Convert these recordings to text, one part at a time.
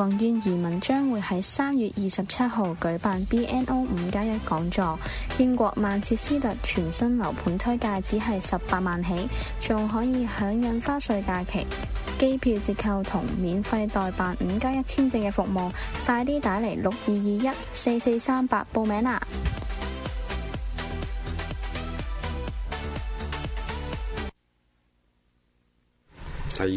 宏淵移民將會喺三月二十七號舉辦 BNO 五加一講座，英國曼徹斯特全新樓盤推介，只係十八萬起，仲可以享印花稅假期、機票折扣同免費代辦五加一簽證嘅服務，快啲打嚟六二二一四四三八報名啦！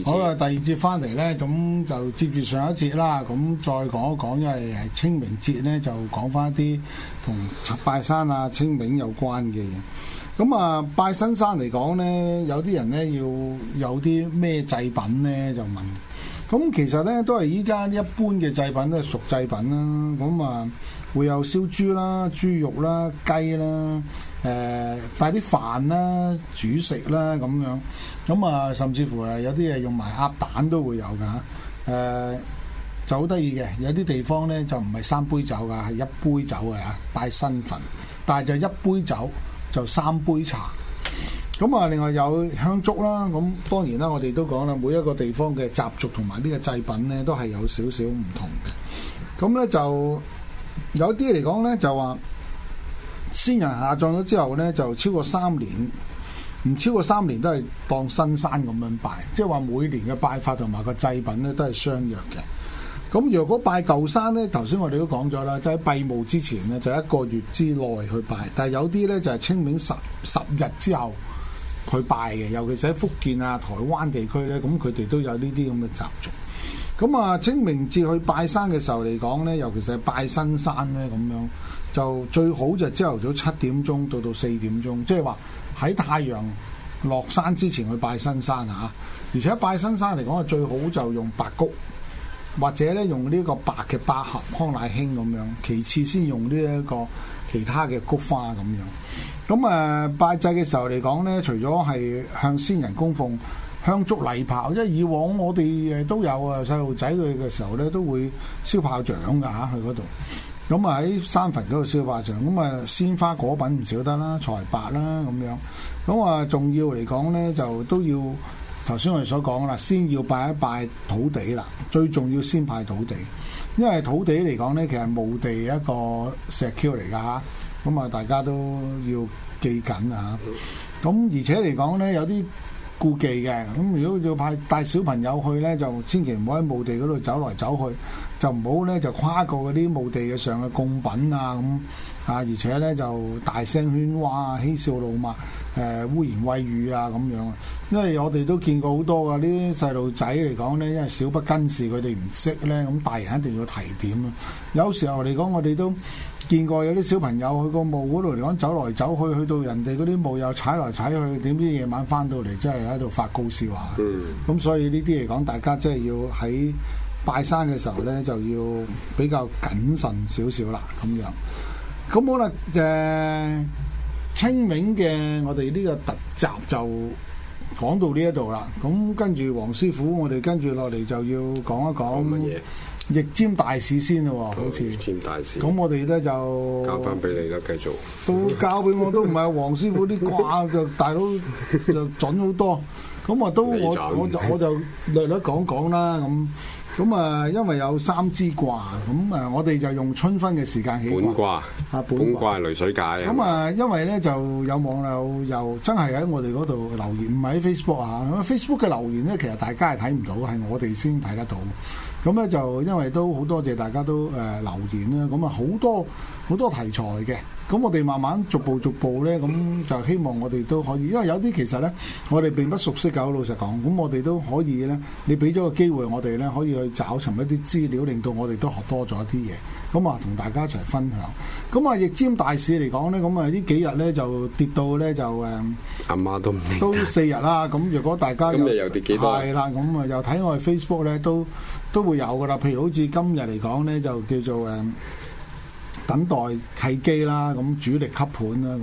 好啦，第二節翻嚟呢，咁就接住上一節啦，咁再講一講，因為係清明節呢，就講翻啲同拜山啊、清明有關嘅嘢。咁啊，拜新山嚟講呢，有啲人呢，要有啲咩祭品呢？就問。咁其實呢，都係依家一般嘅祭品都係熟祭品啦，咁啊，會有燒豬啦、豬肉啦、雞啦。誒帶啲飯啦、煮食啦咁樣，咁啊甚至乎誒有啲嘢用埋鴨蛋都會有㗎、啊，就好得意嘅。有啲地方呢，就唔係三杯酒㗎，係一杯酒㗎，拜新婚。但係就一杯酒就三杯茶。咁啊，另外有香燭啦，咁、啊、當然啦，我哋都講啦，每一個地方嘅習俗同埋呢個祭品呢，都係有少少唔同嘅。咁咧就有啲嚟講呢，就話。先人下葬咗之後呢，就超過三年，唔超過三年都係當新山咁樣拜，即係話每年嘅拜法同埋個祭品呢都係相約嘅。咁如果拜舊山呢，頭先我哋都講咗啦，就喺閉墓之前呢，就一個月之內去拜。但係有啲呢，就係、是、清明十十日之後去拜嘅，尤其是喺福建啊、台灣地區呢。咁佢哋都有呢啲咁嘅習俗。咁啊，清明節去拜山嘅時候嚟講呢，尤其是係拜新山呢咁樣。就最好就朝頭早七點鐘到到四點鐘，即係話喺太陽落山之前去拜新山啊！而且拜新山嚟講最好就用白菊，或者咧用呢個白嘅百合、康乃馨咁樣，其次先用呢一個其他嘅菊花咁樣。咁、啊、誒拜祭嘅時候嚟講呢，除咗係向先人供奉香燭、禮炮，因為以往我哋誒都有啊，細路仔去嘅時候呢都會燒炮仗噶嚇，去嗰度。咁啊喺山墳嗰度燒化上，咁啊鮮花果品唔少得啦，財帛啦咁樣，咁啊重要嚟講咧就都要頭先我哋所講啦，先要拜一拜土地啦，最重要先拜土地，因為土地嚟講咧其實墓地一個石 Q 嚟㗎嚇，咁啊大家都要記緊啊，咁而且嚟講咧有啲顧忌嘅咁。如果要派帶小朋友去呢，就千祈唔好喺墓地嗰度走嚟走去，就唔好呢就跨過嗰啲墓地嘅上嘅供品啊咁啊，而且呢就大聲喧譁啊，嬉笑怒罵誒，污言穢語啊咁樣啊，因為我哋都見過好多啊啲細路仔嚟講呢，因為小不更事，佢哋唔識呢。咁大人一定要提點啊。有時候嚟講，我哋都見過有啲小朋友去個墓嗰度嚟講走來走去，去到人哋嗰啲墓又踩來踩去，點知夜晚翻到嚟，真係喺度發高燒啊！咁、嗯、所以呢啲嚟講，大家即係要喺拜山嘅時候呢，就要比較謹慎少少啦。咁樣咁好啦，誒、呃、清明嘅我哋呢個特集就講到呢一度啦。咁跟住黃師傅，我哋跟住落嚟就要講一講乜嘢？易占大市先啊，好似。易占大市。咁我哋咧就交翻俾你啦，繼續。都交俾我都唔係，黃師傅啲卦就大佬就準好多。咁啊都我準我就我就略略講講啦，咁咁啊，因為有三支卦，咁啊，我哋就用春分嘅時間起本卦瓜。啊法，本卦係雷水解，嗯。咁啊嘛，因為咧就有網友又真係喺我哋嗰度留言，唔係喺 Facebook 啊。咁 Facebook 嘅留言咧，其實大家係睇唔到，係我哋先睇得到。咁咧就因為都好多謝大家都誒留言啦，咁啊好多好多題材嘅，咁我哋慢慢逐步逐步咧，咁就希望我哋都可以，因為有啲其實咧我哋並不熟悉嘅，老實講，咁我哋都可以咧，你俾咗個機會我哋咧，可以去找尋一啲資料，令到我哋都學多咗一啲嘢，咁啊同大家一齊分享。咁啊易占大市嚟講咧，咁啊呢幾日咧就跌到咧就誒，阿媽，媽都唔都四日啦。咁若果大家又跌幾多？係啦，咁啊又睇我哋 Facebook 咧都。都會有㗎啦，譬如好似今日嚟講呢，就叫做誒、嗯、等待契機啦，咁主力吸盤啦，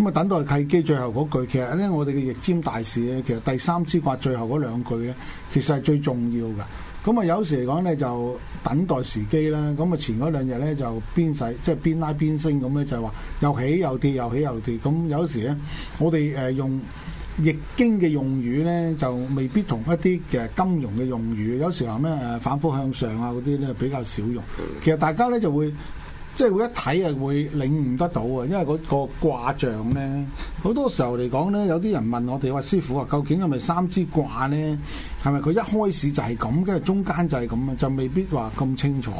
咁咁啊等待契機最後嗰句，其實呢，我哋嘅易占大市呢，其實第三支卦最後嗰兩句呢，其實係最重要㗎。咁、嗯、啊有時嚟講呢，就等待時機啦，咁、嗯、啊前嗰兩日呢，就邊使？即係邊拉邊升咁呢，就係、是、話又起又跌，又起又跌。咁、嗯、有時呢，我哋誒、呃、用，易經嘅用語呢，就未必同一啲嘅金融嘅用語。有時話咩反覆向上啊嗰啲呢，比較少用。其實大家呢，就會即係、就是、會一睇啊，會領悟得到啊。因為嗰個卦象呢，好多時候嚟講呢，有啲人問我哋話：師傅啊，究竟係咪三支卦呢？係咪佢一開始就係咁，跟住中間就係咁啊？就未必話咁清楚。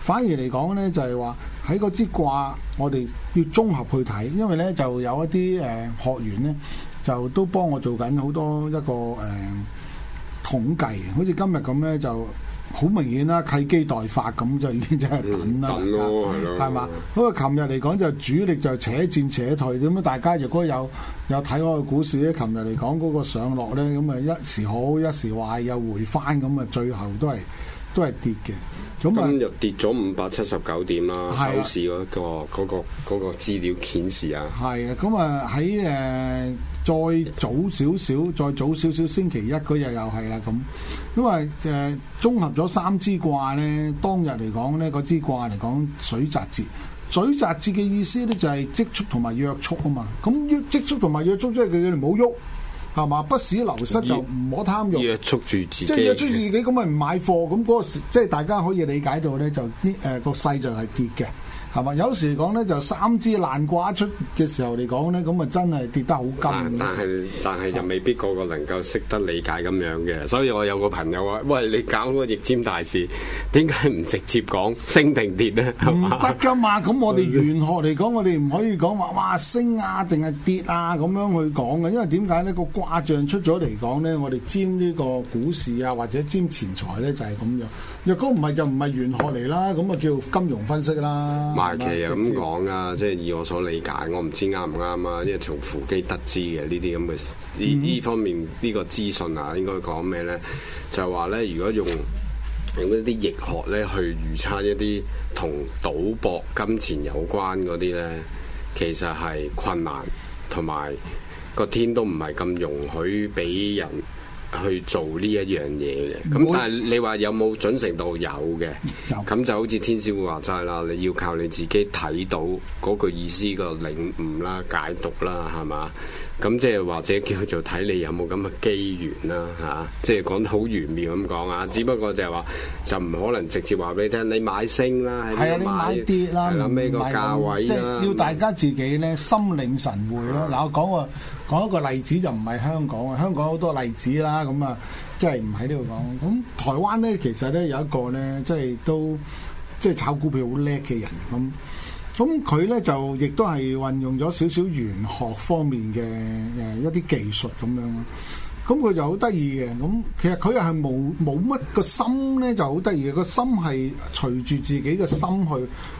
反而嚟講呢，就係話喺嗰支卦，我哋要綜合去睇，因為呢，就有一啲誒學員呢。就都幫我做緊好多一個誒、嗯、統計，好似今日咁咧就好明顯啦，契機待發咁就已經真係等啦。咯、嗯，係咯。係嘛？不過琴日嚟講就主力就且戰且退咁啊！大家如果有有睇我嘅股市咧，琴日嚟講嗰個上落咧，咁啊一時好一時壞，又回翻咁啊，最後都係都係跌嘅。咁啊，今日跌咗五百七十九點啦，收市嗰個嗰、嗰個資料顯示啊。係啊，咁啊喺誒。嗰個嗰個嗰個嗰個再早少少，再早少少，星期一嗰日又係啦咁。因為誒，綜、呃、合咗三支卦咧，當日嚟講咧，嗰支卦嚟講水澤節。水澤節嘅意思咧就係、是、積蓄同埋約束啊嘛。咁積蓄同埋約束即係佢哋冇喐，係嘛？不使流失就唔好貪欲約束住自己，即係約束自己咁咪唔買貨，咁嗰、那個即係大家可以理解到咧，就啲誒個勢就係跌嘅。係嘛？有時嚟講咧，就三支爛卦出嘅時候嚟講咧，咁啊真係跌得好急。但係但係又未必個個能夠識得理解咁樣嘅，所以我有個朋友話：喂，你搞個易占大市，點解唔直接講升定跌咧？唔得㗎嘛！咁 我哋玄學嚟講，我哋唔可以講話哇升啊定係跌啊咁樣去講嘅，因為點解呢個卦象出咗嚟講咧，我哋佔呢個股市啊或者佔錢財咧就係咁樣。若果唔係就唔係玄學嚟啦，咁啊叫金融分析啦。大旗啊咁講啊，即係以我所理解，我唔知啱唔啱啊，因為從扶乩得知嘅呢啲咁嘅呢呢方面呢、呢個資訊啊，應該講咩呢？就係話呢，如果用用嗰啲易學呢去預測一啲同賭博金錢有關嗰啲呢，其實係困難，同埋個天都唔係咁容許俾人。去做呢一樣嘢嘅，咁但係你話有冇準？成度有嘅，咁就好似天獅師話齋啦，你要靠你自己睇到嗰個意思個領悟啦、解讀啦，係嘛？咁即係或者叫做睇你有冇咁嘅機緣啦，嚇！即係講得好玄妙咁講啊，嗯，只不過就係話就唔可能直接話俾你聽，你買升啦，係啊，你買跌啦，係啦，咩個價位，要大家自己咧心領神會咯。嗱，我講個。講一個例子就唔係香港啊，香港好多例子啦，咁啊，即係唔喺呢度講。咁台灣呢，其實呢，有一個呢，即係都即係炒股票好叻嘅人咁。咁佢呢，就亦都係運用咗少少玄學方面嘅誒一啲技術咁樣囉。咁佢就好得意嘅，咁其實佢又係冇冇乜個心呢，就好得意嘅個心係隨住自己嘅心去，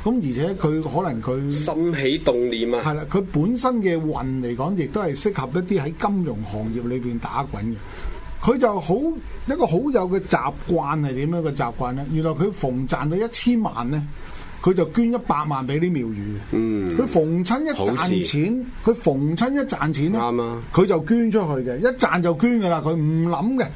咁而且佢可能佢心起動念啊，係啦，佢本身嘅運嚟講，亦都係適合一啲喺金融行業裏邊打滾嘅。佢就好一個好有嘅習慣，係點樣嘅習慣呢？原來佢逢賺到一千萬呢，佢就捐一百萬俾啲廟宇，佢、嗯、逢親一賺錢，佢、好事、逢親一賺錢咧，佢、啊、就捐出去嘅，一賺就捐噶啦，佢唔諗嘅。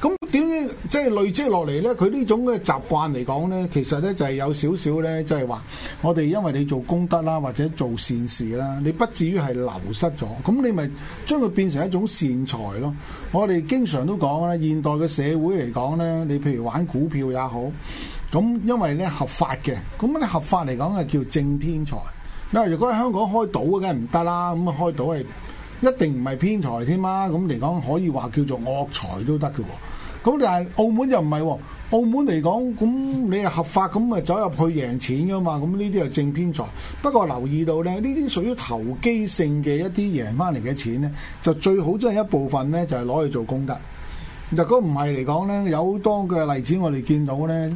咁點樣即係累積落嚟呢？佢呢種嘅習慣嚟講呢，其實呢就係、是、有少少呢，即係話我哋因為你做功德啦，或者做善事啦，你不至於係流失咗，咁你咪將佢變成一種善財咯。我哋經常都講啦，現代嘅社會嚟講呢，你譬如玩股票也好。咁因為咧合法嘅，咁咧合法嚟講係叫正偏財。因為如果喺香港開賭嘅梗唔得啦，咁啊開賭係一定唔係偏財添啦。咁嚟講可以話叫做惡財都得嘅喎。咁但係澳門就唔係喎，澳門嚟講咁你係合法，咁咪走入去贏錢噶嘛。咁呢啲係正偏財。不過留意到咧，呢啲屬於投機性嘅一啲贏翻嚟嘅錢咧，就最好都係一部分咧，就係攞去做功德。就嗰唔係嚟講咧，有好多嘅例子我哋見到咧，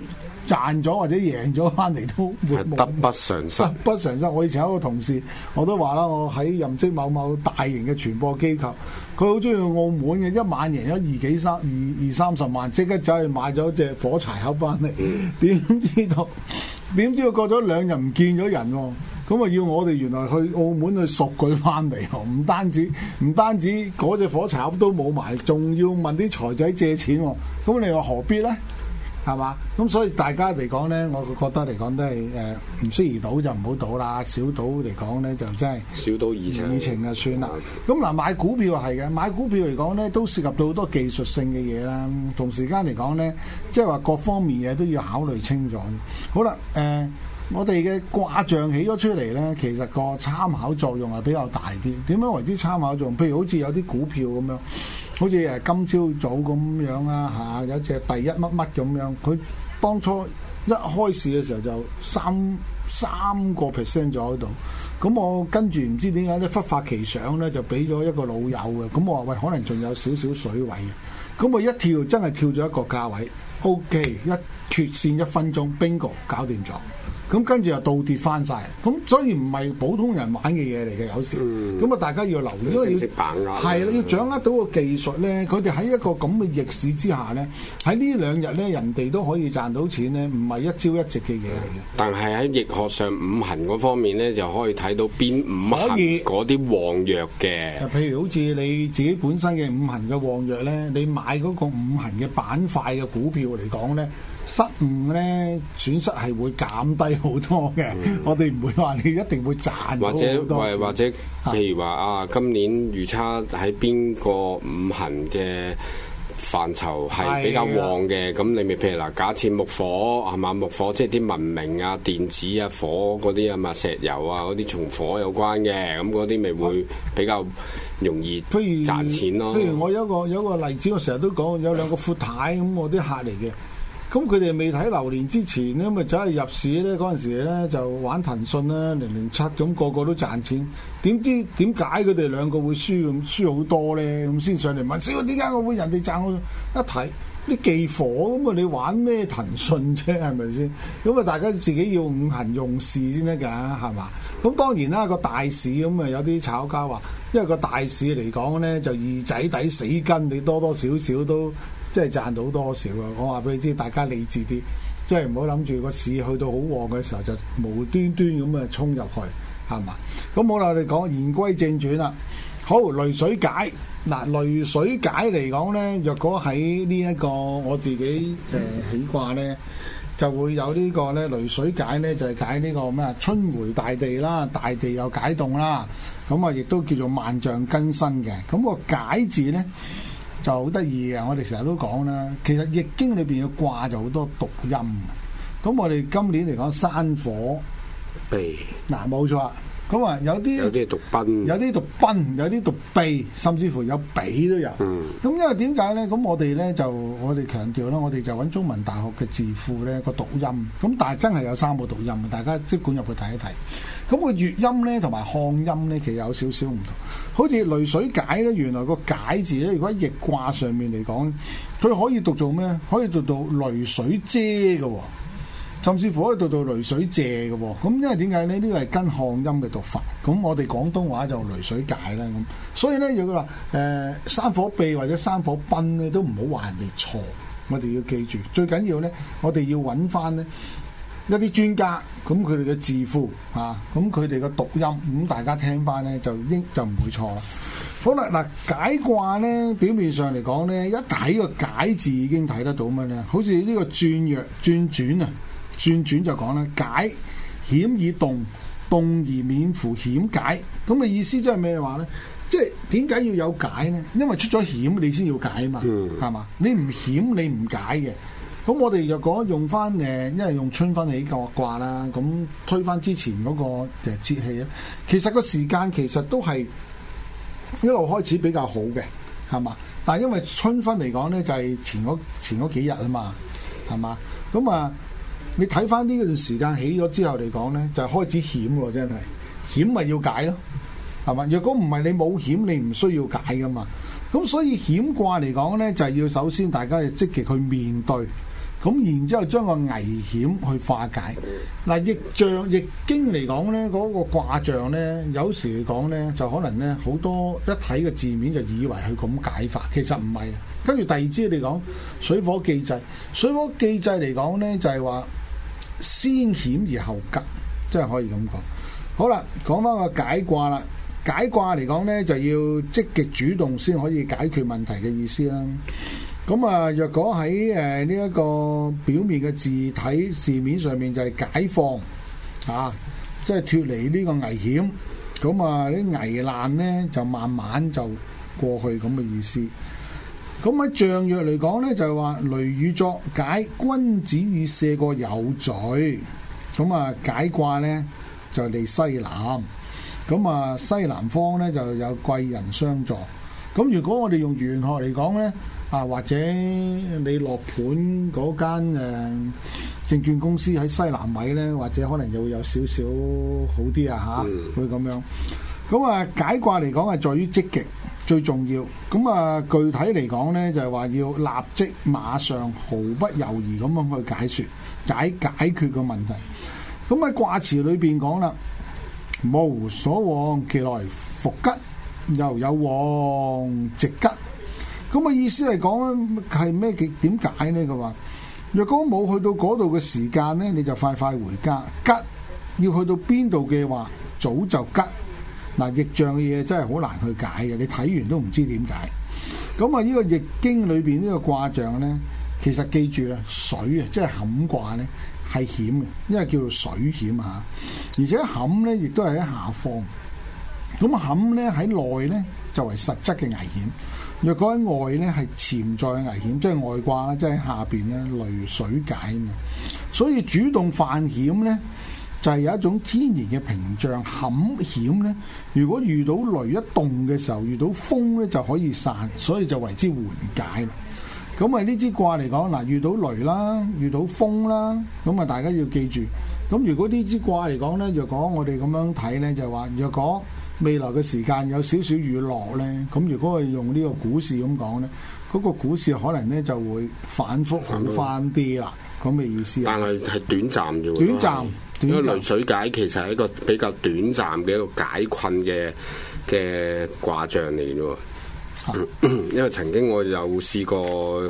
賺咗或者贏咗翻嚟都係得不償失。得不償失，我以前有個同事我都話啦，我喺任職某某大型嘅傳播機構，佢好中意澳門嘅，一晚贏咗二幾三二二三十萬，即刻走去買咗隻火柴盒翻嚟，點知道點知道過咗兩日唔見咗人喎，啊。咁啊！要我哋原來去澳門去贖佢翻嚟，唔單止唔單止嗰隻火柴盒都冇埋，仲要問啲財仔借錢喎。咁你話何必呢？係嘛？咁所以大家嚟講呢，我覺得嚟講都係誒，唔適宜賭就唔好賭啦。小賭嚟講呢，就真係小賭怡情，怡情就算啦。咁嗱，買股票係嘅，買股票嚟講呢，都涉及到好多技術性嘅嘢啦。同時間嚟講呢，即係話各方面嘢都要考慮清楚。好啦，誒、呃。我哋嘅卦象起咗出嚟呢，其實個參考作用係比較大啲。點樣為之參考作用？譬如好似有啲股票咁樣，好似誒今朝早咁樣啊，嚇，有隻第一乜乜咁樣。佢當初一開市嘅時候就三三個 percent 左右喺度。咁我跟住唔知點解咧忽發奇想呢，就俾咗一個老友嘅。咁我話喂，可能仲有少少水位。咁我一跳真係跳咗一個價位。O、OK, K，一缺線一分鐘，bingo，搞掂咗。咁跟住又倒跌翻晒，咁所以唔係普通人玩嘅嘢嚟嘅，有時，咁啊大家要留意，因為、嗯、要把握，係啦，要掌握到個技術咧。佢哋喺一個咁嘅逆市之下咧，喺呢兩日咧，人哋都可以賺到錢咧，唔係一朝一夕嘅嘢嚟嘅。但係喺易學上五行嗰方面咧，就可以睇到邊五行嗰啲旺弱嘅。譬如好似你自己本身嘅五行嘅旺弱咧，你買嗰個五行嘅板塊嘅股票嚟講咧。失誤咧，損失係會減低好多嘅。嗯、我哋唔會話你一定會賺或者或或者，譬如話啊，今年預測喺邊個五行嘅範疇係比較旺嘅？咁的你咪譬如嗱，假設木火係嘛？木火即係啲文明啊、電子啊、火嗰啲啊嘛，石油啊嗰啲同火有關嘅，咁嗰啲咪會比較容易賺錢咯。譬、啊、如，如我有一個有一個例子，我成日都講有兩個闊太咁，我啲客嚟嘅。咁佢哋未睇流年之前咧，咪就係入市咧嗰陣時咧，就玩騰訊啦，零零七咁個個都賺錢。點知點解佢哋兩個會輸咁輸好多咧？咁先上嚟問師傅，點解我會人哋賺我？我一睇啲忌火咁啊！你玩咩騰訊啫？係咪先？咁啊，大家自己要五行用事先得㗎，係嘛？咁當然啦，個大市咁啊，有啲炒家話，因為個大市嚟講咧，就二仔底死根，你多多少少都。即係賺到多少啊！我話俾你知，大家理智啲，即係唔好諗住個市去到好旺嘅時候就無端端咁啊衝入去，係嘛？咁好啦，我哋講言歸正傳啦。好，雷水解嗱，雷水解嚟講呢，若果喺呢一個我自己誒、呃、起卦呢，就會有呢個咧雷水解呢就係、是、解呢個咩啊春回大地啦，大地又解凍啦，咁啊亦都叫做萬象更新嘅。咁、那個解字呢。就好得意嘅，我哋成日都講啦。其實《易經》裏邊要卦咗好多讀音。咁我哋今年嚟講，山火賁，嗱，啊，冇錯。咁啊，有啲有啲讀奔，有啲讀奔，有啲讀秘，甚至乎有比都有。嗯。咁因為點解咧？咁我哋咧就我哋強調啦，我哋就揾中文大學嘅字庫咧個讀音。咁但係真係有三個讀音，大家即管入去睇一睇。咁個粵音咧，同埋漢音咧，其實有少少唔同。好似雷水解咧，原來個解字咧，如果喺易卦上面嚟講，佢可以讀做咩？可以讀做雷水遮嘅、哦，甚至乎可以讀做雷水借嘅、哦。咁因為點解咧？呢個係跟漢音嘅讀法。咁我哋廣東話就雷水解啦。咁所以咧，如果話誒山火避或者山火奔咧，都唔好話人哋錯。我哋要記住，最緊要咧，我哋要揾翻咧。一啲專家，咁佢哋嘅字庫啊，咁佢哋嘅讀音，咁大家聽翻咧就應就唔會錯啦。好啦，嗱解卦咧，表面上嚟講咧，一睇個解字已經睇得到咩咧？好似呢個轉若轉轉啊，轉轉就講咧解險以動，動而免乎險解。咁嘅意思即係咩話咧？即係點解要有解咧？因為出咗險，你先要解嘛，係嘛、嗯？你唔險你，你唔解嘅。咁我哋若果用翻誒，因為用春分起個卦啦，咁推翻之前嗰個誒節氣其實個時間其實都係一路開始比較好嘅，係嘛？但係因為春分嚟講咧，就係前嗰前嗰幾日啊嘛，係嘛？咁啊，你睇翻呢段時間起咗之後嚟講咧，就係開始險喎，真係險咪要解咯，係嘛？若果唔係你冇險，你唔需要解噶嘛。咁所以險卦嚟講咧，就係要首先大家要積極去面對。咁然之後將個危險去化解。嗱，逆象逆經嚟講呢，嗰個卦象呢，有時嚟講呢，就可能呢好多一睇個字面就以為佢咁解法，其實唔係。跟住第二支嚟講，水火既濟，水火既濟嚟講呢，就係話先險而後吉，真係可以咁講。好啦，講翻個解卦啦，解卦嚟講呢，就要積極主動先可以解決問題嘅意思啦。咁啊！若果喺誒呢一個表面嘅字體字面上面就係解放啊，即係脱離呢個危險。咁啊，啲危難咧就慢慢就過去咁嘅意思。咁喺象曰嚟講咧，就係話雷雨作解，君子以赦過宥罪。咁啊，解卦咧就嚟西南。咁啊，西南方咧就有貴人相助。咁如果我哋用玄學嚟講咧？啊，或者你落盤嗰間誒證券公司喺西南位咧，或者可能又會有少少好啲啊嚇，會咁樣。咁啊解卦嚟講係在於積極，最重要。咁啊具體嚟講咧，就係話要立即、馬上、毫不猶豫咁樣去解説解解決個問題。咁喺卦辭裏邊講啦，無所往，其來復吉，又有往直吉。咁啊意思嚟講，係咩極點解呢？佢話：若果冇去到嗰度嘅時間咧，你就快快回家。吉要去到邊度嘅話，早就吉。嗱、呃，逆象嘅嘢真係好難去解嘅，你睇完都唔知點解。咁、呃、啊，呢、這個易經裏邊呢個卦象咧，其實記住啊，水啊，即係坎卦咧係險嘅，因為叫做水險啊。而且坎咧亦都係喺下方。咁坎咧喺內咧就係實質嘅危險。若果喺外咧，係潛在危險，即係外卦咧，即係下邊咧，雷水解嘛。所以主動犯險咧，就係有一種天然嘅屏障，坎險咧。如果遇到雷一動嘅時候，遇到風咧就可以散，所以就為之緩解。咁啊，呢支卦嚟講，嗱，遇到雷啦，遇到風啦，咁啊，大家要記住。咁如果呢支卦嚟講咧，若果我哋咁樣睇咧，就係話若果。未來嘅時間有少少雨落咧，咁如果係用呢個股市咁講咧，嗰、那個股市可能咧就會反覆好翻啲喇！咁嘅的意思，但係係短暫啫喎，短暫因為雷水解其實係一個比較短暫嘅一個解困嘅嘅卦象嚟嘅喎。 因為曾經我有試過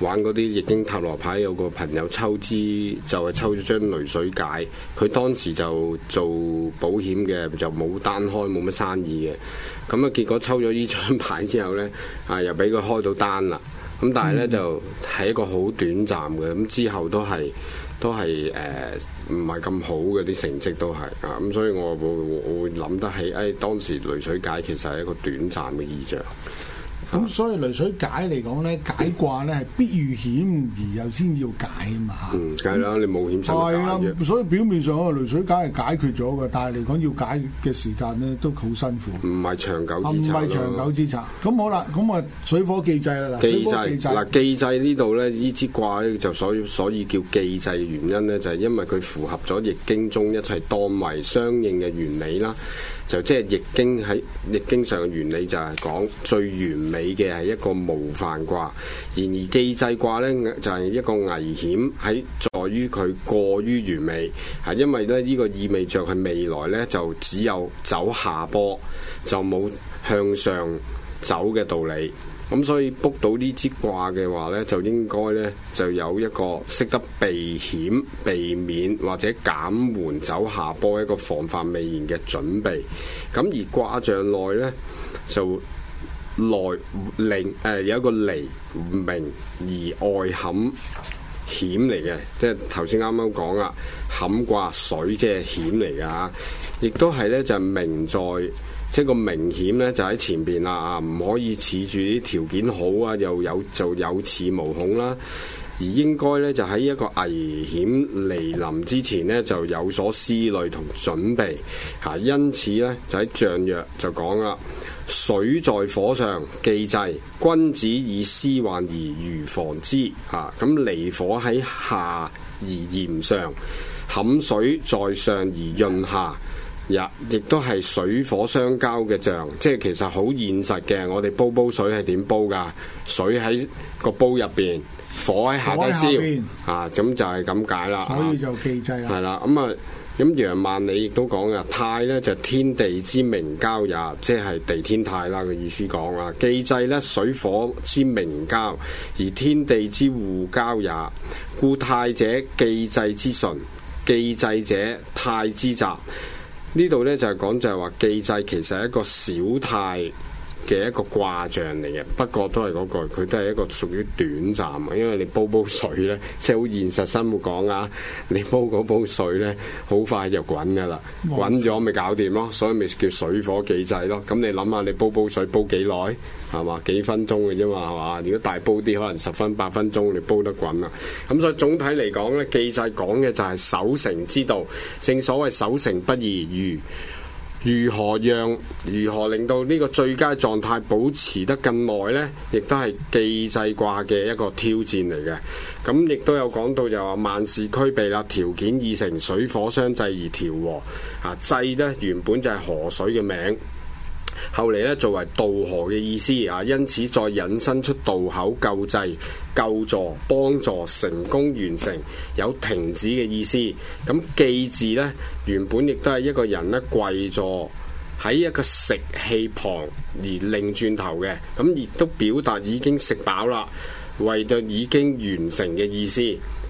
玩嗰啲液晶塔羅牌，有個朋友抽支就係、是、抽咗張雷水解，佢當時就做保險嘅，就冇單開冇乜生意嘅，咁啊結果抽咗呢張牌之後呢，啊又俾佢開到單啦，咁但係呢，嗯、就係一個好短暫嘅，咁之後都係。都係誒，唔係咁好嘅啲成績都係啊，咁、嗯、所以我會我會諗得起，誒、哎、當時雷水解其實係一個短暫嘅意象。咁所以雷水解嚟講咧，解卦咧係必遇險而又先要解啊嘛。嗯，梗係啦，你冇險先解。係啦，所以表面上啊，雷水解係解決咗嘅，但係嚟講要解嘅時間咧都好辛苦。唔係長久之策，唔係、啊、長久之策。咁好啦，咁啊水火既濟啦。既濟嗱，既濟、啊、呢度咧，呢支卦咧就所以所以叫既濟嘅原因咧，就係、是、因為佢符合咗易經中一切當位相應嘅原理啦。就即係易經喺易經上嘅原理就係講最完美嘅，係一個模範卦，然而既濟卦呢，就係、是、一個危險喺在於佢過於完美，係因為咧呢、這個意味着，佢未來呢，就只有走下坡，就冇向上走嘅道理。咁、嗯、所以卜到呢支卦嘅話呢，就應該呢，就有一個識得避險、避免或者減緩走下坡一個防範未然嘅準備。咁而卦象內呢，就內離誒有一個離明而外坎險嚟嘅，即係頭先啱啱講啊，坎卦水即係險嚟嘅，亦都係呢，就明、是、在。即係個明顯咧，就喺前邊啦，唔、啊、可以恃住啲條件好啊，又有就有恃無恐啦，而應該咧就喺一個危險嚟臨之前咧，就有所思慮同準備嚇、啊。因此咧就喺《象曰》就講啦：水在火上，既濟。君子以思患而預防之嚇。咁、啊、離火喺下而炎上，坎水在上而潤下。也亦都係水火相交嘅象，即係其實好現實嘅。我哋煲煲水係點煲噶？水喺個煲入邊，火喺下低燒啊，咁就係咁解啦。所以就既濟係啦。咁啊，咁楊萬里亦都講啊，太咧就天地之明交也，即係地天太啦嘅意思講啊。既濟咧水火之明交，而天地之互交也。故太者既濟之純，既濟者太之雜。呢度咧就係、是、講就係、是、話機制其實係一個小態，嘅一個卦象嚟嘅，不過都係嗰句，佢都係一個屬於短暫啊。因為你煲煲水呢，即係好現實生活講啊，你煲嗰煲水呢，好快就滾噶啦，嗯、滾咗咪搞掂咯，所以咪叫水火既濟咯。咁你諗下，你煲煲水煲幾耐，係嘛？幾分鐘嘅啫嘛，係嘛？如果大煲啲，可能十分八分鐘，你煲得滾啦。咁所以總體嚟講呢，既濟講嘅就係守成之道，正所謂守成不易漁。如何讓如何令到呢個最佳狀態保持得更耐呢？亦都係既濟卦嘅一個挑戰嚟嘅。咁亦都有講到就話萬事俱備啦，條件已成，水火相濟而調和。啊，濟呢原本就係河水嘅名。後嚟咧，作為渡河嘅意思啊，因此再引申出渡口救濟、救助、幫助、成功完成有停止嘅意思。咁記字呢，原本亦都係一個人咧跪坐喺一個食器旁而擰轉頭嘅，咁亦都表達已經食飽啦，為到「已經完成」嘅意思。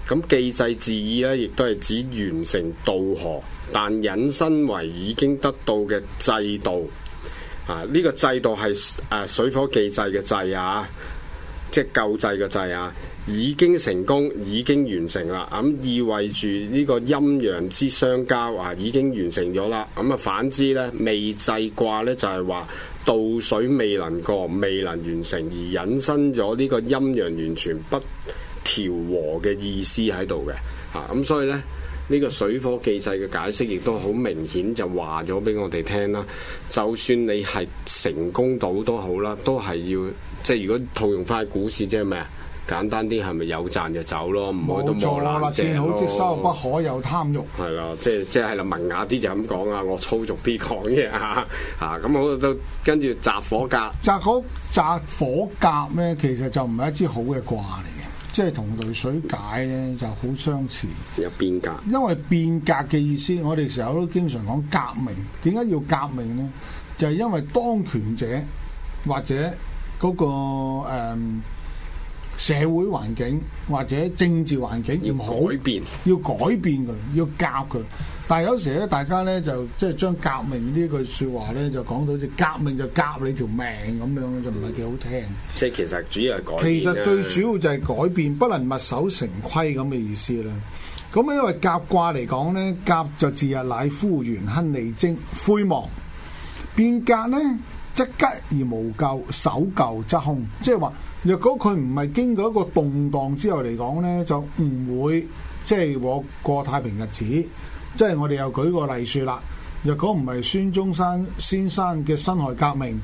咁記制字意呢，亦都係指完成渡河，但引申為已經得到嘅制度。啊！呢、這個制度係誒水火既濟嘅濟啊，即係救濟嘅濟，濟啊，已經成功，已經完成啦。咁、啊、意味住呢個陰陽之相交啊，已經完成咗啦。咁啊，反之呢，未濟卦呢，就係話渡水未能過，未能完成，而引申咗呢個陰陽完全不調和嘅意思喺度嘅。啊，咁、啊、所以呢。呢個水火既濟嘅解釋亦都好明顯，就話咗俾我哋聽啦。就算你係成功到都好啦，都係要即係如果套用翻股市，即係咩啊？簡單啲係咪有賺就走咯？唔好，冇錯，都冇冷靜啦，見好即收，不可有貪欲。係啦，即係即係喺度文雅啲就咁講啊，我粗俗啲講嘢嚇嚇。咁我都跟住澤火革。澤火革，澤火革咩？其實就唔係一支好嘅卦嚟。即係同雷水解咧就好相似，有變革。因為變革嘅意思，我哋成日都經常講革命。點解要革命呢？就係、是、因為當權者或者嗰、那個、嗯社會環境或者政治環境要改變，要改變佢，要革佢。但係有時咧，大家咧就即係將革命句呢句説話咧，就講到好似革命就革你條命咁樣，就唔係幾好聽。嗯、即係其實主要係改變。其實最主要就係改變，啊、不能墨守成規咁嘅意思啦。咁因為革卦嚟講咧，革就字啊，乃孚元亨利貞，悔亡。變革咧，則吉而無咎，守舊則凶，即係話。若果佢唔係經過一個動盪之後嚟講呢，就唔會即係、就是、我過太平日子。即、就、係、是、我哋又舉個例說啦，若果唔係孫中山先生嘅辛亥革命，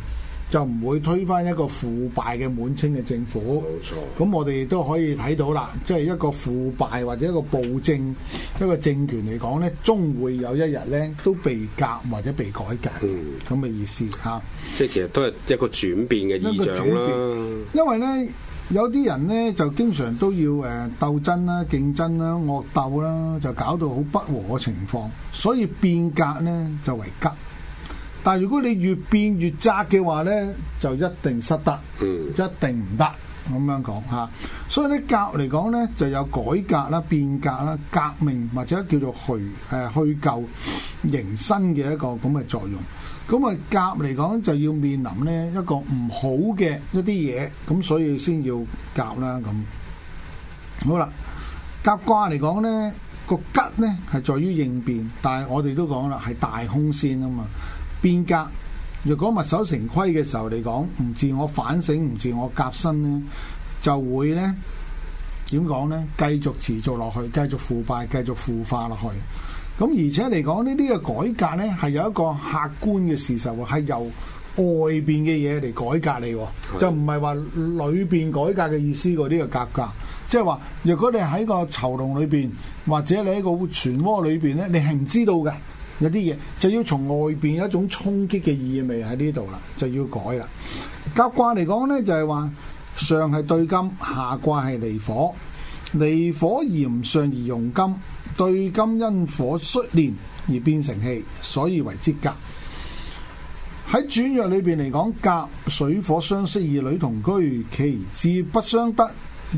就唔會推翻一個腐敗嘅滿清嘅政府，冇錯，咁我哋都可以睇到啦，即係一個腐敗或者一個暴政一個政權嚟講呢，終會有一日呢，都被革或者被改革，嗯，咁嘅意思嚇。即係其實都係一個轉變嘅意象，一個轉變啦。因為呢，有啲人呢就經常都要誒、呃、鬥爭啦、競爭啦、惡鬥啦，就搞到好不和嘅情況，所以變革呢，就為吉。但係如果你越變越窄嘅話呢，就一定失得，嗯，一定唔得咁樣講吓。所以呢，革嚟講呢，就有改革啦、變革啦、革命或者叫做除誒除舊迎新嘅一個咁嘅作用。咁啊，革嚟講就要面臨呢一個唔好嘅一啲嘢，咁所以先要革啦咁。好啦，革卦嚟講呢，個吉呢係在於應變，但係我哋都講啦，係大空先啊嘛。變革，若果墨守成規嘅時候嚟講，唔自我反省，唔自我革新呢，就會呢點講呢？繼續持續落去，繼續腐敗，繼續腐化落去。咁而且嚟講呢啲嘅改革呢，係有一個客觀嘅事實喎，係由外邊嘅嘢嚟改革你，就唔係話裏邊改革嘅意思過。呢個格格，即係話，如果你喺個囚籠裏邊，或者你喺個漩渦裏邊呢，你係唔知道嘅。有啲嘢就要從外邊有一種衝擊嘅意味喺呢度啦，就要改啦。革卦嚟講呢，就係話上係兌金，下卦係離火，離火炎上而用金，兌金因火率煉而變成器，所以為之革。喺轉弱裏邊嚟講，革水火相息二女同居，其志不相得，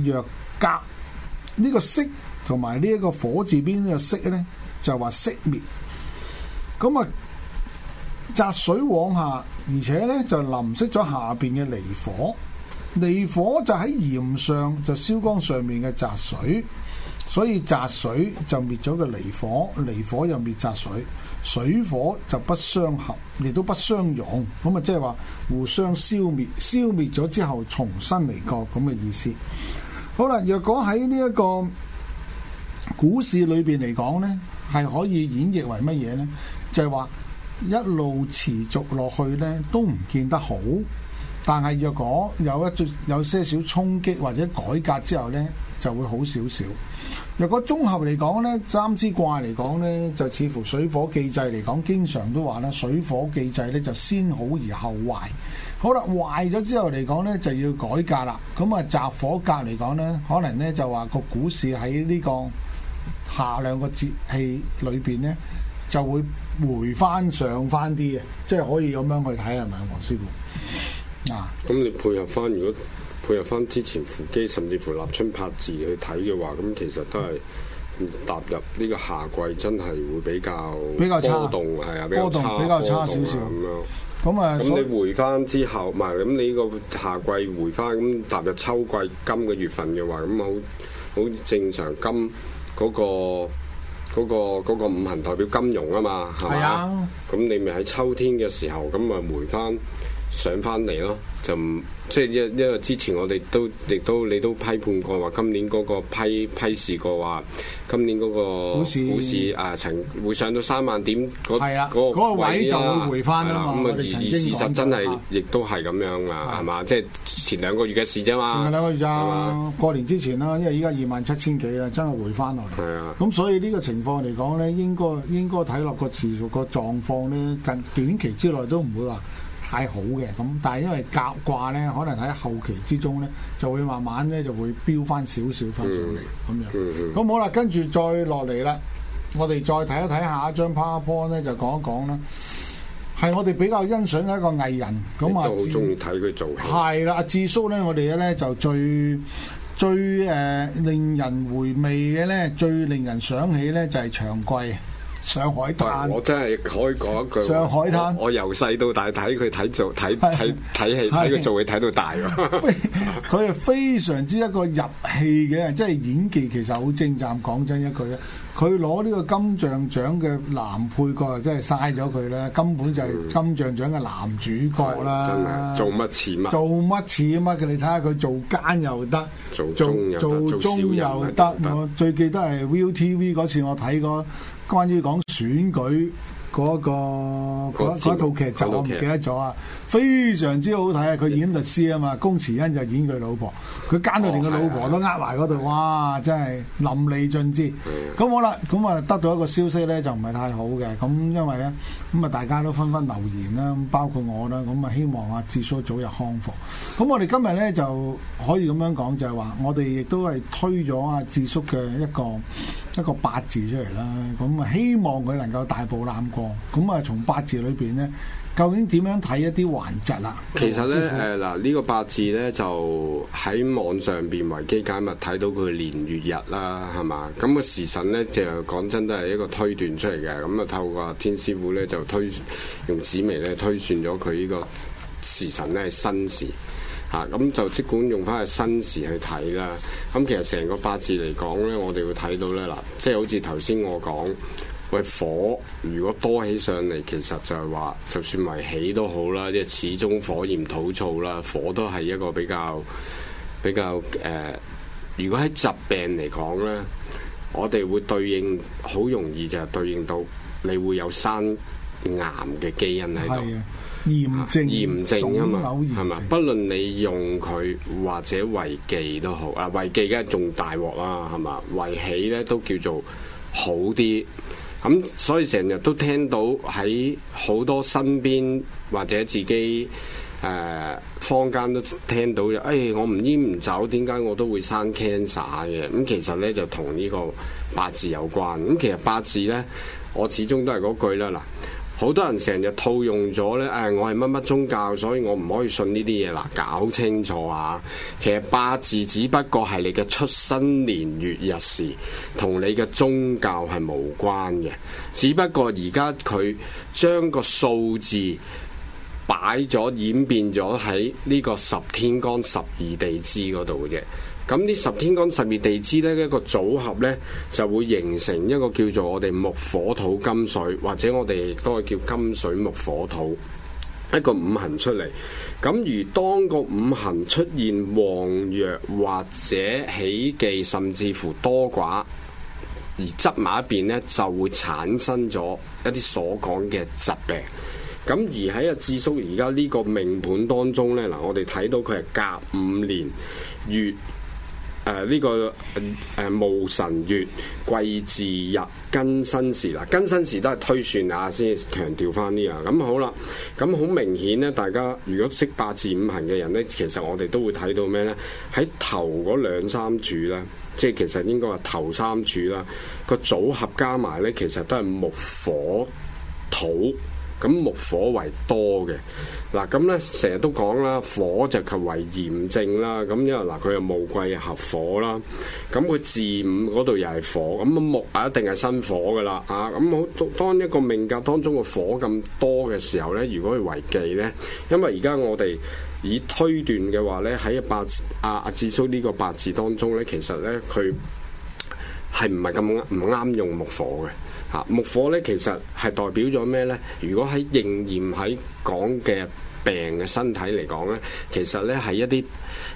若革呢、這個息同埋呢一個火字邊呢個熄呢，就話熄滅。咁啊，雜水往下，而且呢就淋熄咗下邊嘅離火，離火就喺炎上，就燒光上面嘅雜水，所以雜水就滅咗個離火，離火又滅雜水，水火就不相合，亦都不相容。咁啊即係話互相消滅，消滅咗之後重新嚟過咁嘅意思。好啦，若果喺呢一個股市裏邊嚟講呢係可以演繹為乜嘢呢？就係話一路持續落去呢都唔見得好。但係若果有一有些少衝擊或者改革之後呢，就會好少少。若果綜合嚟講呢，三支卦嚟講呢，就似乎水火既濟嚟講，經常都話呢，水火既濟呢就先好而後壞。好啦，壞咗之後嚟講呢，就要改革啦。咁啊，澤火革嚟講呢，可能呢就話個股市喺呢個下兩個節氣裏邊呢就會。回翻上翻啲嘅，即係可以咁樣去睇係咪啊，黃師傅？嗱、啊，咁你配合翻，如果配合翻之前扶乩，甚至乎立春拍字去睇嘅話，咁其實都係踏入呢個夏季，真係會比較比較波動，係啊，比較差少少咁樣。咁啊麼，咁你回翻之後，唔係咁你呢個夏季回翻咁踏入秋季今今，今個月份嘅話，咁好好正常，今嗰個。嗰個嗰個五行代表金融啊嘛，係咪啊？咁你咪喺秋天嘅時候咁咪回翻上翻嚟咯，就。即係因為之前，我哋都亦都你都批判過話，今年嗰個批批示過話，今年嗰個股市啊，會上到三萬點嗰嗰個位就會回翻啦。咁啊，而而事實真係亦都係咁樣啊，係嘛？即係前兩個月嘅事啫嘛。前兩個月咋？過年之前啦，因為依家二萬七千幾啦，真係回翻落嚟。係啊。咁所以呢個情況嚟講咧，應該應該睇落個持續個狀況咧，近短期之內都唔會話。太好嘅。咁，但係因為甲卦咧，可能喺後期之中咧，就會慢慢咧就會飆翻少少翻上嚟咁樣。咁、mm hmm. 好啦，跟住再落嚟啦，我哋再睇一睇下一張 PowerPoint 咧，就講一講啦。係我哋比較欣賞嘅一個藝人，咁啊，中意睇佢做戲。係啦，阿智叔咧，我哋咧就最最誒、呃、令人回味嘅咧，最令人想起咧就係、是、長貴。上海灘，我真係可以講一句，上海灘，我由細到大睇佢睇做睇睇睇戲睇佢做戲睇到大。佢係非常之一個入戲嘅，即係演技其實好精湛。講真一句咧，佢攞呢個金像獎嘅男配角，真係嘥咗佢啦。根本就係金像獎嘅男主角啦。做乜似乜？做乜似乜嘅？你睇下佢做奸又得，做做中又得。我最記得係 Viu TV 嗰次，我睇過。關於講選舉。嗰、那個嗰套劇集我唔記得咗啊，非常之好睇啊！佢演律師啊嘛，龔慈恩就演佢老婆，佢奸到連個老婆都呃埋度，哦、哇！的真係淋漓盡致。咁的好啦，咁啊得到一個消息咧就唔係太好嘅，咁因為咧咁啊大家都紛紛留言啦，包括我啦，咁啊希望阿智叔早日康復，咁我哋今日咧就可以咁樣講就係、是、話我哋亦都係推咗阿智叔嘅一個一個八字出嚟啦。咁啊希望佢能夠大步檻過。咁啊，從、哦、八字裏邊咧，究竟點樣睇一啲頑疾啊？其實咧，誒嗱、呢、嗯，這個八字咧就喺網上邊維基解密睇到佢年月日啦，係嘛？咁、那個時辰咧就講真都係一個推斷出嚟嘅，咁啊透過天師傅咧就推用紫微咧推算咗佢呢個時辰咧係申時，吓、啊、咁就即管用翻個申時去睇啦。咁其實成個八字嚟講咧，我哋會睇到咧嗱，即係好似頭先我講。喂火，如果多起上嚟，其實就係話，就算為喜都好啦，即係始終火炎土燥啦，火都係一個比較比較誒、呃。如果喺疾病嚟講咧，我哋會對應好容易就係對應到你會有生癌嘅基因喺度，炎症炎症啊嘛，係嘛？不論你用佢或者為忌都好，啊為忌梗係仲大鑊啦，係嘛？為喜咧都叫做好啲。咁、嗯、所以成日都聽到喺好多身邊或者自己誒、呃、坊間都聽到嘅，誒、哎、我唔煙唔酒，點解我都會生 cancer 嘅？咁、嗯、其實呢就同呢個八字有關。咁、嗯、其實八字呢，我始終都係嗰句啦，嗱。好多人成日套用咗呢。誒、哎，我係乜乜宗教，所以我唔可以信呢啲嘢啦。搞清楚啊，其實八字只不過係你嘅出生年月日時，同你嘅宗教係無關嘅。只不過而家佢將個數字擺咗演變咗喺呢個十天干十二地支嗰度嘅啫。咁呢十天干十二地支呢，一個組合呢，就會形成一個叫做我哋木火土金水，或者我哋都係叫金水木火土一個五行出嚟。咁而當個五行出現旺弱或者喜忌，甚至乎多寡而積埋一邊呢，就會產生咗一啲所講嘅疾病。咁而喺阿智叔而家呢個命盤當中呢，嗱我哋睇到佢係隔五年月。誒呢、呃呢個誒戊辰月、癸巳日、庚申時啦，庚申時都係推算下先，強調翻呢樣。咁好啦，咁好明顯咧，大家如果識八字五行嘅人咧，其實我哋都會睇到咩咧？喺頭嗰兩三柱咧，即係其實應該話頭三柱啦，個組合加埋咧，其實都係木火土。咁木火為多嘅，嗱咁咧成日都講啦，火就係為炎症啦，咁因為嗱佢又木貴合火啦，咁佢字五嗰度又係火，咁木啊一定係生火噶啦，啊咁好，當一個命格當中個火咁多嘅時候咧，如果佢為忌咧，因為而家我哋以推斷嘅話咧，喺八字阿阿智叔呢個八字當中咧，其實咧佢係唔係咁唔啱用木火嘅。嚇木火咧，其實係代表咗咩咧？如果喺應驗喺講嘅病嘅身體嚟講咧，其實咧係一啲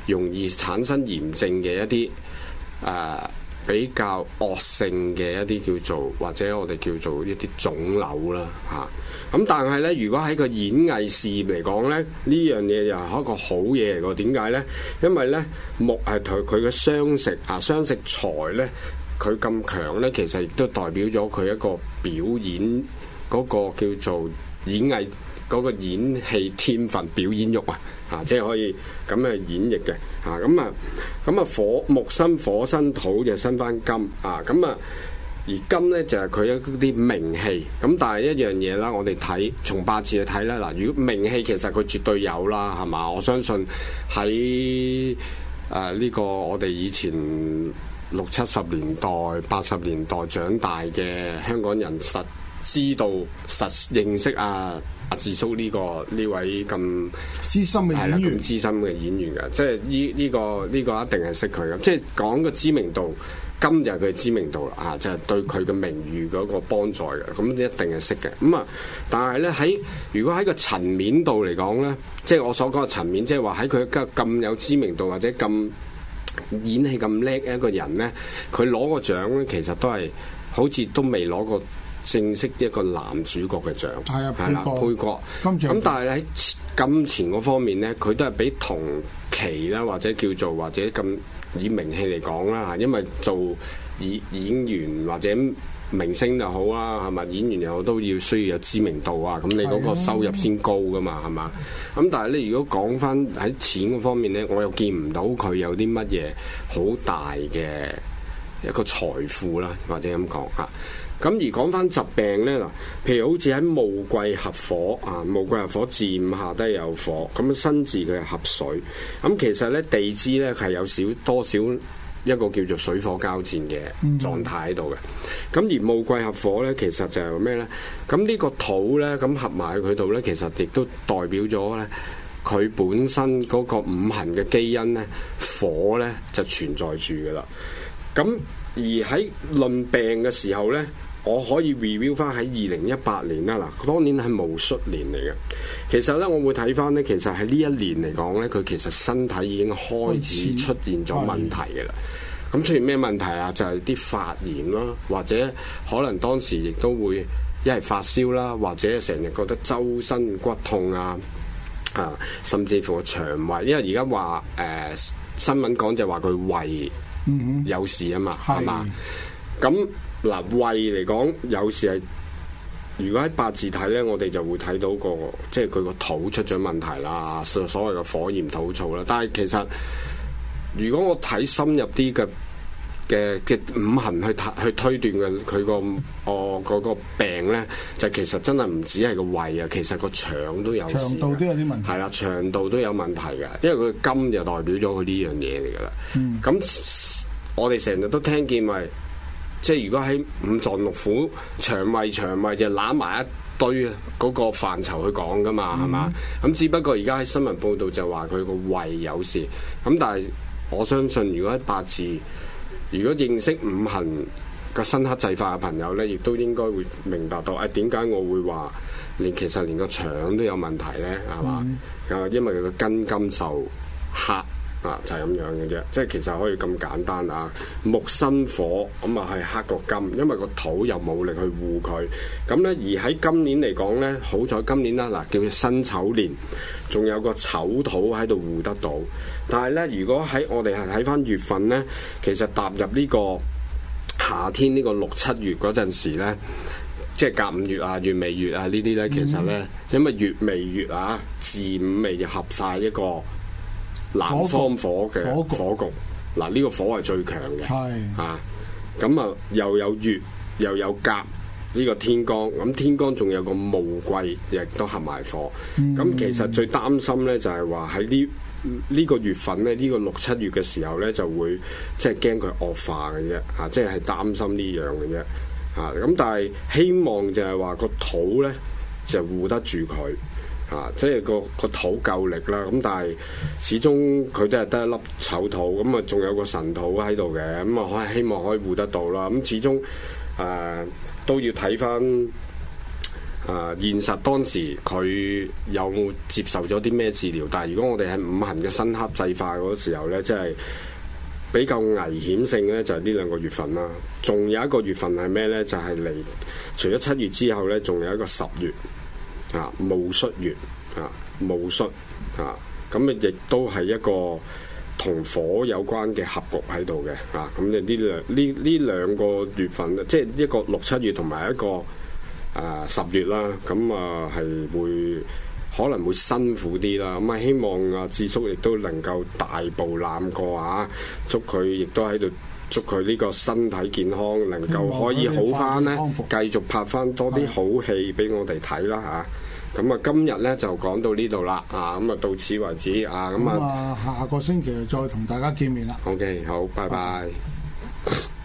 容易產生炎症嘅一啲誒、呃、比較惡性嘅一啲叫做或者我哋叫做一啲腫瘤啦嚇。咁、啊、但係咧，如果喺個演藝事業嚟講咧，呢樣嘢又係一個好嘢嚟㗎。點解咧？因為咧木係同佢嘅相食嚇，相、啊、食財咧。佢咁強呢，其實亦都代表咗佢一個表演嗰個叫做演藝嗰個演戲天分、表演欲啊！嚇，即係可以咁樣演繹嘅嚇。咁啊，咁啊，啊，火木生火，生土就生翻金啊。咁啊，而金呢，就係、是、佢一啲名氣。咁、啊、但係一樣嘢啦，我哋睇從八字去睇啦。嗱、啊，如果名氣其實佢絕對有啦，係嘛？我相信喺誒呢個我哋以前，六七十年代、八十年代長大嘅香港人，實知道、實認識啊阿智叔呢個呢位咁資深嘅演員，啊、資深嘅演員嘅，即係依呢個呢、這個一定係識佢嘅。即係講個知名度，今日佢嘅知名度啦，啊，就係、是、對佢嘅名譽嗰個幫助嘅，咁、嗯、一定係識嘅。咁、嗯、啊，但係咧喺如果喺個層面度嚟講咧，即係我所講嘅層面，即係話喺佢而家咁有知名度或者咁。演戲咁叻嘅一個人呢，佢攞個獎呢，其實都係好似都未攞過正式一個男主角嘅獎，係啊，係啦，配角。咁但係喺金錢嗰方面呢，佢都係比同期啦，或者叫做或者咁以名氣嚟講啦，吓，因為做演演員或者。明星又好啦，係咪演員又好都要需要有知名度啊？咁你嗰個收入先高噶嘛，係嘛？咁 但係咧，如果講翻喺錢嗰方面咧，我又見唔到佢有啲乜嘢好大嘅一個財富啦，或者咁講嚇。咁、啊、而講翻疾病咧嗱，譬如好似喺墓庫合火啊，墓庫合火，子、啊、午下低有火，咁辛字佢係合水，咁其實咧地支咧係有少多少。一個叫做水火交戰嘅狀態喺度嘅，咁而戊癸合火咧，其實就係咩咧？咁、這個、呢個土咧，咁合埋佢度咧，其實亦都代表咗咧，佢本身嗰個五行嘅基因咧，火咧就存在住噶啦。咁而喺論病嘅時候咧。我可以 review 翻喺二零一八年啦，嗱，佢當年係戊戌年嚟嘅。其實咧，我會睇翻咧，其實喺呢一年嚟講咧，佢其實身體已經開始出現咗問題嘅啦。咁始出現咩問題啊？就係、是、啲發炎啦，或者可能當時亦都會一係發燒啦，或者成日覺得周身骨痛啊，啊，甚至乎腸胃，因為而家話誒，新聞講就話佢胃有事啊嘛，係嘛、嗯，咁是。嗱，胃嚟講，有時係如果喺八字睇咧，我哋就會睇到個即係佢個土出咗問題啦，所所謂嘅火炎土燥啦。但係其實如果我睇深入啲嘅嘅嘅五行去去推斷嘅佢個哦、嗰個病咧，就其實真係唔止係個胃啊，其實個腸都有，腸道都有啲問題係啦，腸道都有問題嘅，因為佢金就代表咗佢呢樣嘢嚟噶啦。咁、嗯、我哋成日都聽見咪？即係如果喺五臟六腑、腸胃、腸胃就攬埋一堆嗰個範疇去講噶嘛，係嘛、嗯？咁只不過而家喺新聞報道就話佢個胃有事，咁但係我相信如果喺八字，如果認識五行嘅生剋制化嘅朋友呢，亦都應該會明白到啊點解我會話連其實連個腸都有問題呢？係嘛、嗯？因為佢個根金受克。啊，就係、是、咁樣嘅啫，即係其實可以咁簡單啊。木生火，咁啊係克個金，因為個土又冇力去護佢。咁呢，而喺今年嚟講呢，好彩今年啦、啊，嗱叫佢辛丑年，仲有個丑土喺度護得到。但係呢，如果喺我哋係睇返月份呢，其實踏入呢個夏天呢個六七月嗰陣時呢，即係甲午月啊、乙未月啊呢啲呢，其實呢，嗯、因為乙未月啊，字午未合晒一個南方火嘅火局，嗱呢焗、啊這個火係最強嘅，吓咁是啊又有月又有甲呢、這個天干。咁、啊、天干仲有個戊癸，亦都合埋火，咁、嗯啊、其實最擔心咧就係話喺呢呢個月份咧呢、這個六七月嘅時候咧就會即係驚佢惡化嘅啫，吓即係擔心呢樣嘅啫，吓、啊、咁但係希望就係話個土咧就護得住佢。啊，即係個個土夠力啦，咁但係始終佢都係得一粒丑土，咁啊仲有個神土喺度嘅，咁、嗯、啊希望可以護得到啦。咁、嗯、始終啊、呃、都要睇返啊現實當時佢有冇接受咗啲咩治療？但係如果我哋喺五行嘅新刻制化嗰時候咧，即、就、係、是、比較危險性咧，就係、是、呢兩個月份啦。仲有一個月份係咩咧？就係、是、嚟除咗七月之後咧，仲有一個十月。啊，戊戌月，啊戊戌，啊咁啊，亦都係一個同火有關嘅合局喺度嘅，啊咁啊呢兩呢呢兩個月份，即係一個六七月同埋一個啊十月啦，咁啊係、啊、會可能會辛苦啲啦，咁啊希望啊智叔亦都能夠大步檻過啊，祝佢亦都喺度。祝佢呢個身體健康，能夠可以好翻呢，繼續拍翻多啲好戲俾我哋睇啦嚇。咁的啊，今日呢就講到呢度啦，啊咁啊、嗯、到此為止啊，咁、嗯、啊，啊下個星期再同大家見面啦。OK，好，拜拜，拜拜